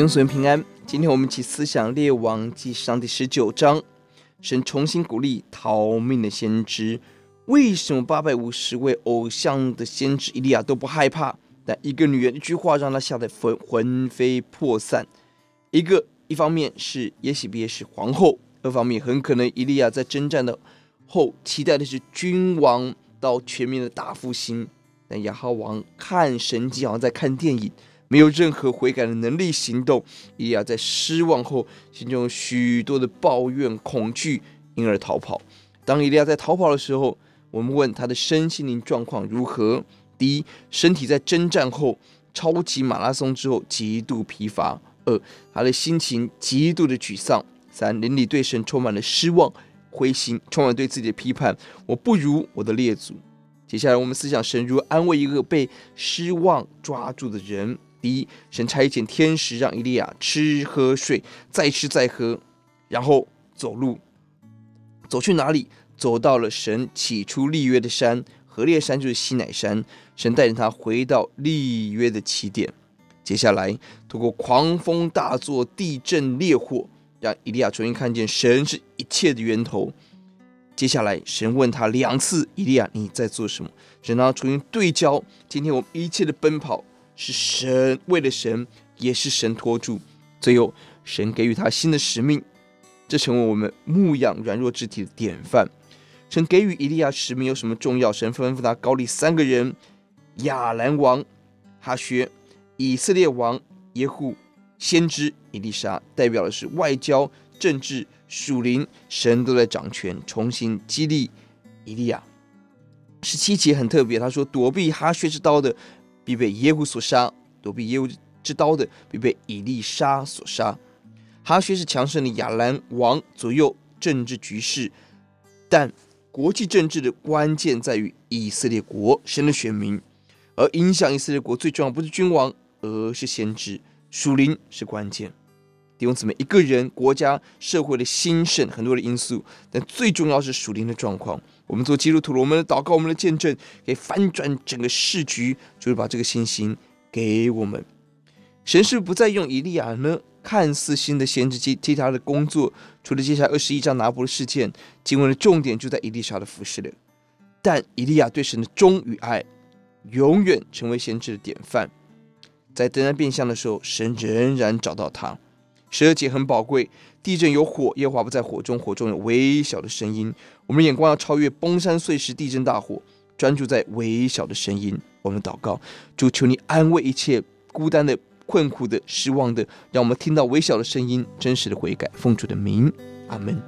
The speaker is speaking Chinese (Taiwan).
願所有人平安。今天我們一起思想列王紀上第十九章，神重新鼓勵逃命的先知。為什麼八百五十位偶像的先知以利亞都不害怕？但一個女人一句話讓他嚇得魂魂飛魄散。一個，一方面是耶洗別是皇後，二方面，很可能以利亞在爭戰的後期待的是君王到全民的大復興。但亞哈王看神蹟好像在看電影。沒有任何悔改的能力行動，以利亞在失望後，心中有許多的抱怨、恐懼，因而逃跑。當以利亞在逃跑的時候，我們問他的身心靈狀況如何：第一，身體在征戰後、超級馬拉松之後極度疲乏；二，他的心情極度的沮喪；三，靈裡對神充滿了失望、灰心，充滿對自己的批判：我不如我的列祖。接下來，我們思想神如何安慰一個被失望抓住的人。第一，神差遣天使讓以利亞吃、喝、睡，再吃、再喝，然後走路，走去哪裡？走到了神起初立約的山——何烈山，就是西乃山。神帶領他回到立約的起點。接下來，通過狂風大作、地震、烈火，讓以利亞重新看見神是一切的源頭。接下來，神問他兩次：“以利亞，你在做什麼？”神讓他重新對焦。今天我們一切的奔跑。是神為了神，也是神託住。最後，神給予他新的使命，這成為我們牧養軟弱肢體的典範。神給予以利亞使命有什麼重要？神吩咐他膏立三個人：亞蘭王哈薛、以色列王耶戶、先知以利沙，代表的是外交、政治、屬靈，神都在掌權，重新激勵以利亞。十七節很特別，他說躲避哈薛之刀的，必被耶戶所殺，躲避耶戶之刀的，必被以利沙所殺。哈薛是強盛的亞蘭王，左右政治局勢，但國際政治的關鍵在於以色列國神的選民，而影響以色列國最重要不是君王，而是先知，屬靈是關鍵。弟兄姊妹，一個人、國家、社會的興盛很多的因素，但最重要是屬靈的狀況。我們做基督徒，我們的禱告、我們的見證，可以翻轉整個世局，就是把這個信心給我們。神是不，是不再用以利亞呢？看似新的先知去替他的工作，除了接下來二十一章拿伯的事件，經文的重點就在以利沙的服事了。但以利亞對神的忠與愛，永遠成為先知的典範。在登山變相的時候，神仍然找到他。十二節很寶貴，地震有火，耶和華不在火中，火中有微小的聲音。我們眼光要超越崩山碎石、地震大火，專注在微小的聲音。我們禱告，主求你安慰一切孤單的、困苦的、失望的，讓我們聽到微小的聲音，真實的悔改，奉主的名，阿門。